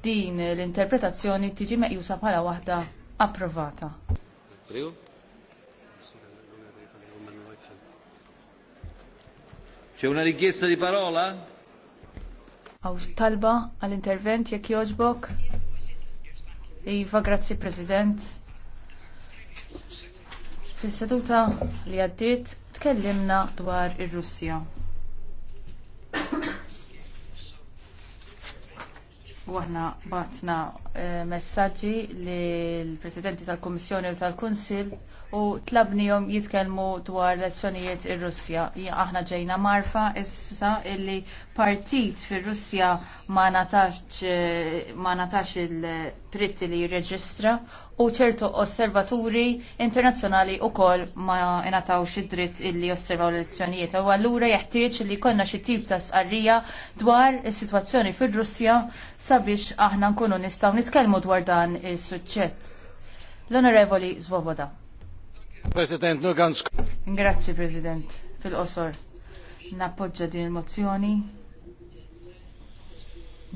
din l-interpretazzjoni tiġi meqjusa bħala waħda approvata. C'è una richiesta di parola? Għaw talba għall-intervent jekk joġbok? Iva, grazzi President. Fis-seduta li għaddiet tkellimna dwar ir-Russja. U aħna batna eh, messaġġi li l-Presidenti tal-Kommissjoni u tal-Kunsil u tlabnihom jitkellmu dwar elezzjonijiet ir-Russja. Aħna ġejna marfa issa illi partit fir-Russja ma natax il-tritt li jirreġistra u ċertu osservaturi internazzjonali wkoll ma ngħatawx id-dritt illi osservaw l-elezzjonijiet. U allura jeħtieġ li jkollna xi tip ta' sqarrija dwar is-sitwazzjoni fir-Russja sabiex aħna nkunu nistgħu nitkellmu dwar dan is suċċett L-Onorevoli Svoboda. President, Grazie, President. Fil-qosor, nappoġġa din il-mozzjoni.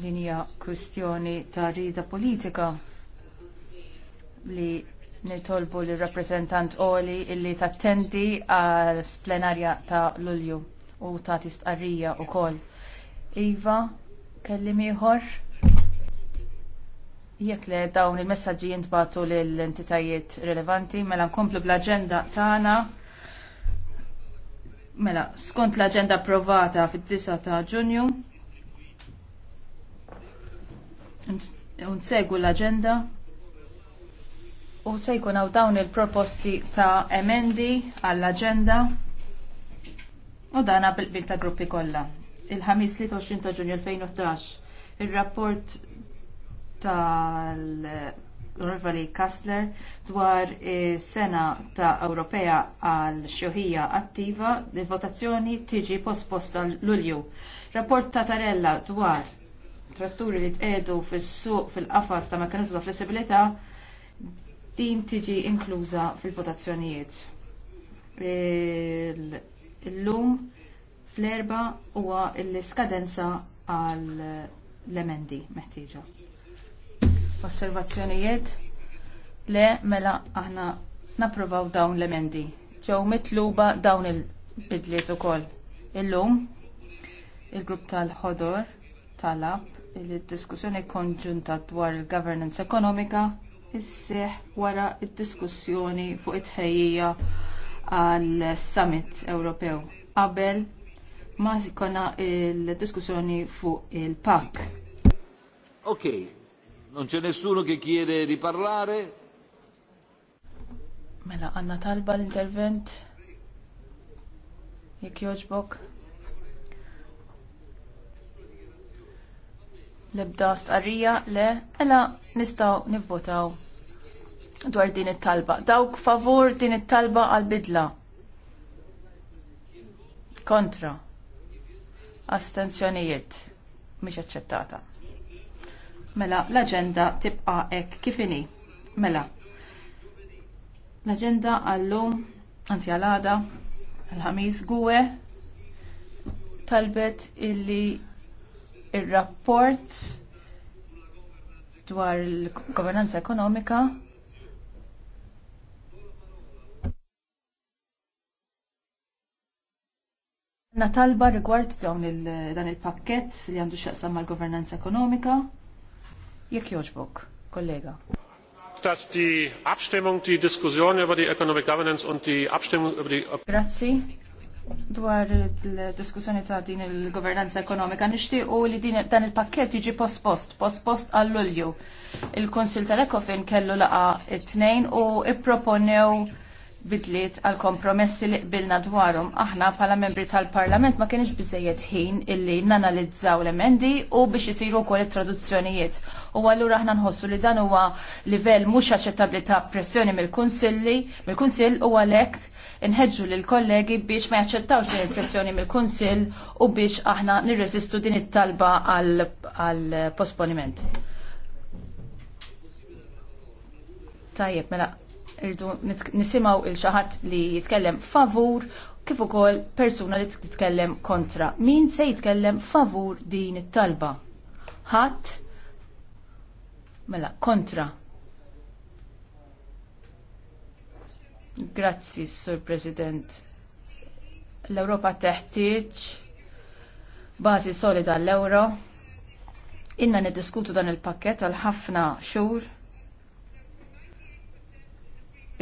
Din hija kwistjoni ta' rida politika li nitolbu l rappresentant Oli illi tattendi għal splenarja ta' Lulju u ta' tistqarrija u kol. Iva, kellim ieħor? Jekk le dawn il-messagġi jintbatu l-entitajiet rilevanti, mela nkomplu bl-agenda tagħna. Mela, skont l-agenda approvata fit-9 ta' Ġunju. Unsegu l-agenda. U se jkun hawn dawn il-proposti ta' emendi għall-agenda. U dana bil-bil ta' gruppi kollha. Il-ħamis 23 ta' Ġunju 2011. Il-rapport tal-Rivali Kastler dwar sena ta' Ewropea għal xoħija attiva, li votazzjoni tiġi posposta l-Ulju. Rapport ta' Tarella dwar tratturi li tqedu fis-suq fil-qafas ta' mekanizmu ta' flessibilità din tiġi inkluża fil-votazzjonijiet. Illum fl-erba huwa l-iskadenza għal l-emendi meħtieġa osservazzjonijiet le mela aħna napprovaw dawn l-emendi. Ġew mitluba dawn il-bidliet ukoll. Illum il-grupp tal-ħodor talab il-diskussjoni konġunta dwar il-governance ekonomika isseħ wara d diskussjoni fuq it-ħejjija għal summit Ewropew qabel ma jkollna il diskussjoni fuq il-PAK. Okay, Non c'è nessuno che chiede di parlare? Mela, Anna talba l-intervent. Jek joġbok. Lebda starija, le, Ela nistaw nivvotaw dwar din it-talba. Dawk favur din it-talba għal-bidla. Kontra. Astenzjonijiet. Mhix aċċettata. Mela, l-agenda tibqa' hekk Kif inhi. Mela, l-agenda għallum, anzi għal-għada, l-ħamis gwe, talbet illi il-rapport dwar il-governanza ekonomika Natalba rigward dawn il il-pakket li għandu xaqsam mal-governanza ekonomika. Jekk jogħġbok, kollega dass die Abstimmung, die Diskussion über die Economic Governance und die Abstimmung über die... Grazie. Dwar il-diskussjoni ta' din il-governanza ekonomika nixtieq u li din dan il-pakket jiġi pospost, pospost għall-Lulju. Il-Konsil tal-Ekofin kellu laqa it-tnejn u ipproponew bidliet għal kompromessi li qbilna dwarhom. Aħna bħala membri tal-Parlament ma kienx biżejjed ħin illi nanalizzaw l-emendi u biex isiru wkoll it-traduzzjonijiet. U allura aħna nħossu li dan huwa livell mhux aċċettabbli ta' pressjoni mill-Kunsilli, mill-Kunsill u għalhekk inħedġu lil kollegi biex ma jaċċettawx din il-pressjoni mill-Kunsill u biex aħna nirreżistu din it-talba għal posponiment. Tajjeb, mela irdu nisimaw il-xaħat li jitkellem favur kif ukoll persuna li titkellem kontra. Min se jitkellem favur din it-talba? Ħadd mela kontra. Grazzi, Sur President. L-Ewropa teħtieġ bażi solida l-euro. Inna niddiskutu dan il-pakket għal ħafna xhur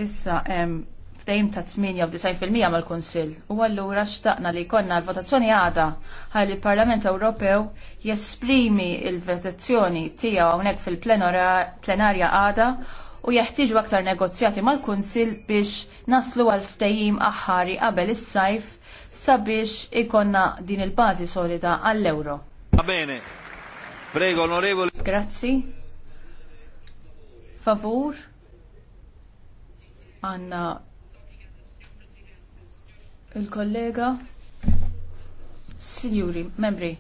Issa hemm f'dejjem ta' 98% mal-Kunsill u allura xtaqna li jkollna l-votazzjoni għada ħalli l-Parlament Ewropew jesprimi l-votazzjoni tiegħu hawnhekk fil-plenarja għada u jeħtieġu aktar negozjati mal-Kunsill biex naslu għal ftehim aħħari qabel is-sajf sabiex ikonna din il-bażi solida għall-euro. Va bene. Prego, onorevoli. Grazzi. Favur għanna il-kollega Signuri, membri,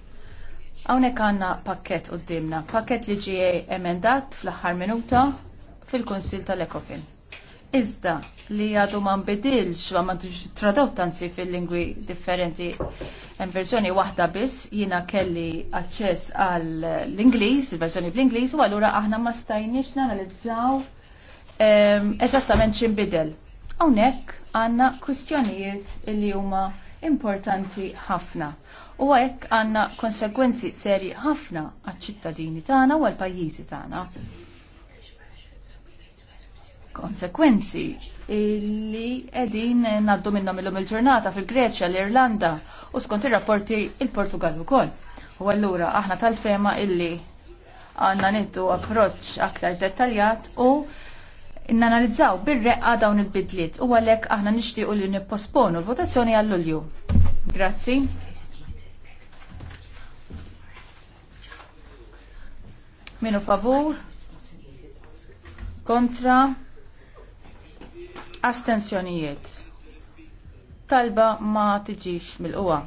Għawnek għanna pakket u d-dimna, pakket li ġie emendat fl-ħar minuta fil-Konsil tal-Ekofin. Iżda li għadu ma nbidilx ma ma tradotta ansi fil-lingwi differenti hemm verżjoni waħda biss jiena kelli aċċess għall l-Ingliż, il-verżjoni bl-Ingliż u allura aħna ma stajniex nanalizzaw eżattament x'inbidel. Hawnhekk għandna kwistjonijiet li huma importanti ħafna. U għek għanna konsekwenzi seri ħafna għal-ċittadini tagħna u għal-pajjiżi tagħna. Konsekwenzi li edin naddu minnhom lum il-ġurnata fil-Greċja, l-Irlanda u skont ir-rapporti il-Portugal ukoll. U allura aħna tal-fema illi għanna nittu approċċ aktar dettaljat u innanalizzaw bir-reqqa dawn il-bidliet u għalhekk aħna nixtiequ li nipposponu l-votazzjoni għall-ulju. Grazzi. Minu favur? Kontra? Astenzjonijiet. Talba ma tiġix mil qwa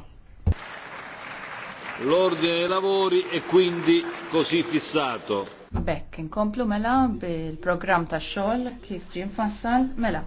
L'ordine dei lavori è quindi così fissato. Bekk, inkomplu mela bil-program ta' xogħol kif ġie fassal, mela.